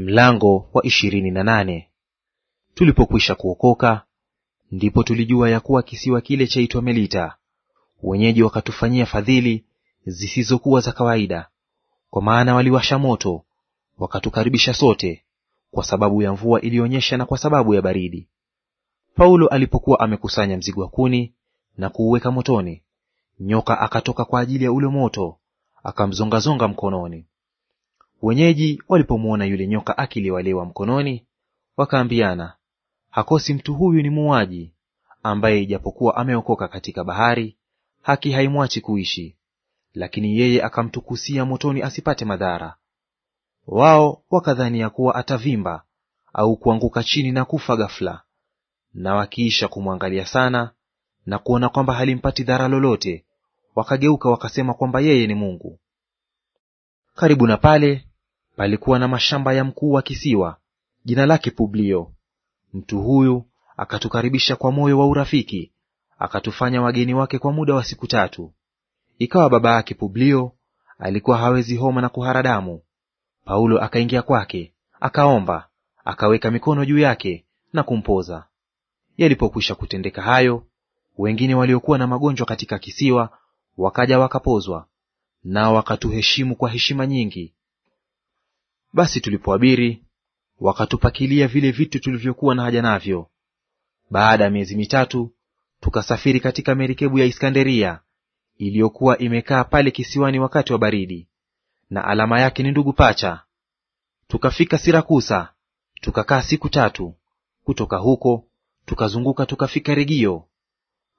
Mlango wa ishirini na nane. Tulipokwisha kuokoka, ndipo tulijua ya kuwa kisiwa kile chaitwa Melita, wenyeji wakatufanyia fadhili zisizokuwa za kawaida, kwa maana waliwasha moto wakatukaribisha sote, kwa sababu ya mvua iliyonyesha na kwa sababu ya baridi. Paulo alipokuwa amekusanya mzigo wa kuni na kuuweka motoni, nyoka akatoka kwa ajili ya ule moto, akamzongazonga mkononi. Wenyeji walipomwona yule nyoka akiliwaliwa mkononi, wakaambiana, hakosi mtu huyu ni muuaji, ambaye ijapokuwa ameokoka katika bahari, haki haimwachi kuishi. Lakini yeye akamtukusia motoni asipate madhara. Wao wakadhania kuwa atavimba au kuanguka chini na kufa ghafla. Na wakiisha kumwangalia sana na kuona kwamba halimpati dhara lolote, wakageuka wakasema kwamba yeye ni mungu. Karibu na pale palikuwa na mashamba ya mkuu wa kisiwa jina lake Publio. Mtu huyu akatukaribisha kwa moyo wa urafiki, akatufanya wageni wake kwa muda wa siku tatu. Ikawa baba yake Publio alikuwa hawezi homa na kuhara damu, Paulo akaingia kwake, akaomba, akaweka mikono juu yake na kumpoza. Yalipokwisha kutendeka hayo, wengine waliokuwa na magonjwa katika kisiwa wakaja wakapozwa, nao wakatuheshimu kwa heshima nyingi, basi tulipoabiri wakatupakilia vile vitu tulivyokuwa na haja navyo. Baada ya miezi mitatu tukasafiri katika merikebu ya Iskanderia iliyokuwa imekaa pale kisiwani wakati wa baridi, na alama yake ni ndugu pacha. Tukafika Sirakusa, tukakaa siku tatu. Kutoka huko tukazunguka tukafika Regio.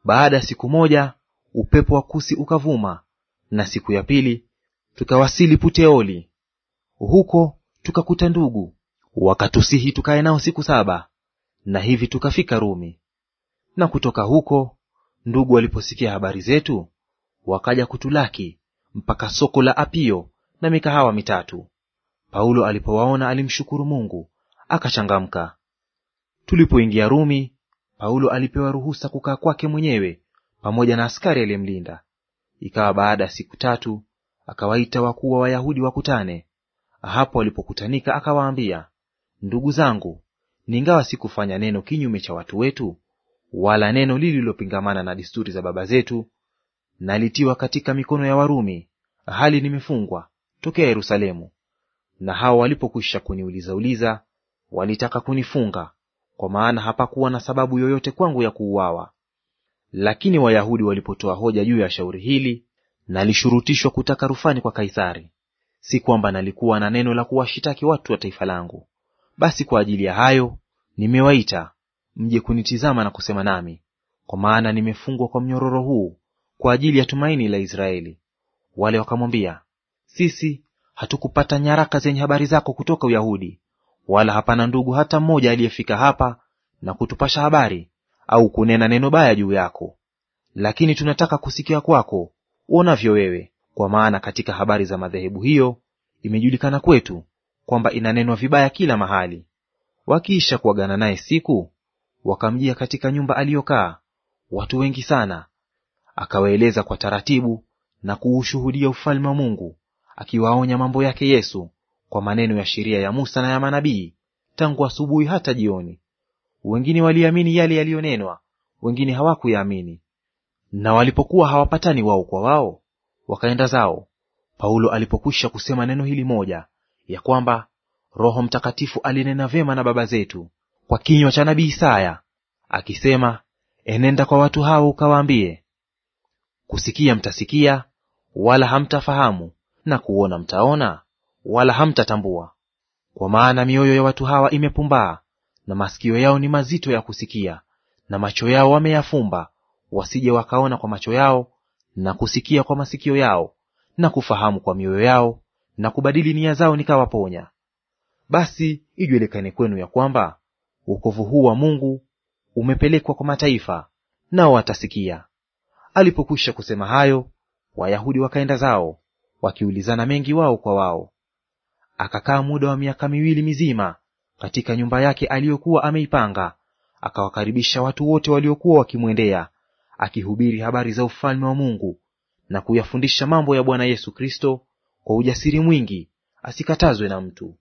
Baada ya siku moja upepo wa kusi ukavuma, na siku ya pili tukawasili Puteoli. Huko tukakuta ndugu, wakatusihi tukae nao siku saba, na hivi tukafika Rumi. Na kutoka huko ndugu waliposikia habari zetu, wakaja kutulaki mpaka soko la Apio na mikahawa mitatu. Paulo alipowaona alimshukuru Mungu, akachangamka. Tulipoingia Rumi, Paulo alipewa ruhusa kukaa kwake mwenyewe pamoja na askari aliyemlinda. Ikawa baada ya siku tatu, akawaita wakuu wa Wayahudi wakutane, hapo walipokutanika akawaambia, ndugu zangu, ningawa sikufanya neno kinyume cha watu wetu, wala neno lililopingamana na desturi za baba zetu, nalitiwa katika mikono ya Warumi, hali nimefungwa tokea Yerusalemu. Na hao walipokwisha kuniulizauliza walitaka kunifunga, kwa maana hapakuwa na sababu yoyote kwangu ya kuuawa. Lakini Wayahudi walipotoa hoja juu ya shauri hili, nalishurutishwa kutaka rufani kwa Kaisari si kwamba nalikuwa na neno la kuwashitaki watu wa taifa langu. Basi kwa ajili ya hayo nimewaita mje kunitizama na kusema nami, kwa maana nimefungwa kwa mnyororo huu kwa ajili ya tumaini la Israeli. Wale wakamwambia, sisi hatukupata nyaraka zenye habari zako kutoka Uyahudi, wala hapana ndugu hata mmoja aliyefika hapa na kutupasha habari au kunena neno baya juu yako, lakini tunataka kusikia kwako uonavyo wewe, kwa maana katika habari za madhehebu hiyo imejulikana kwetu kwamba inanenwa vibaya kila mahali. Wakiisha kuagana naye siku, wakamjia katika nyumba aliyokaa watu wengi sana, akawaeleza kwa taratibu na kuushuhudia ufalme wa Mungu, akiwaonya mambo yake Yesu kwa maneno ya sheria ya Musa na ya manabii tangu asubuhi hata jioni. Wengine waliamini yale yaliyonenwa, wengine hawakuyaamini. Na walipokuwa hawapatani wao kwa wao, wakaenda zao. Paulo alipokwisha kusema neno hili moja, ya kwamba Roho Mtakatifu alinena vyema na baba zetu kwa kinywa cha nabii Isaya akisema, enenda kwa watu hao ukawaambie, kusikia mtasikia, wala hamtafahamu, na kuona mtaona, wala hamtatambua. Kwa maana mioyo ya watu hawa imepumbaa, na masikio yao ni mazito ya kusikia, na macho yao wameyafumba, wasije wakaona kwa macho yao na kusikia kwa masikio yao na kufahamu kwa mioyo yao na kubadili nia zao nikawaponya. Basi ijulikane kwenu ya kwamba wokovu huu wa Mungu umepelekwa kwa mataifa, nao watasikia. Alipokwisha kusema hayo, Wayahudi wakaenda zao wakiulizana mengi wao kwa wao. Akakaa muda wa miaka miwili mizima katika nyumba yake aliyokuwa ameipanga, akawakaribisha watu wote waliokuwa wakimwendea akihubiri habari za ufalme wa Mungu na kuyafundisha mambo ya Bwana Yesu Kristo kwa ujasiri mwingi, asikatazwe na mtu.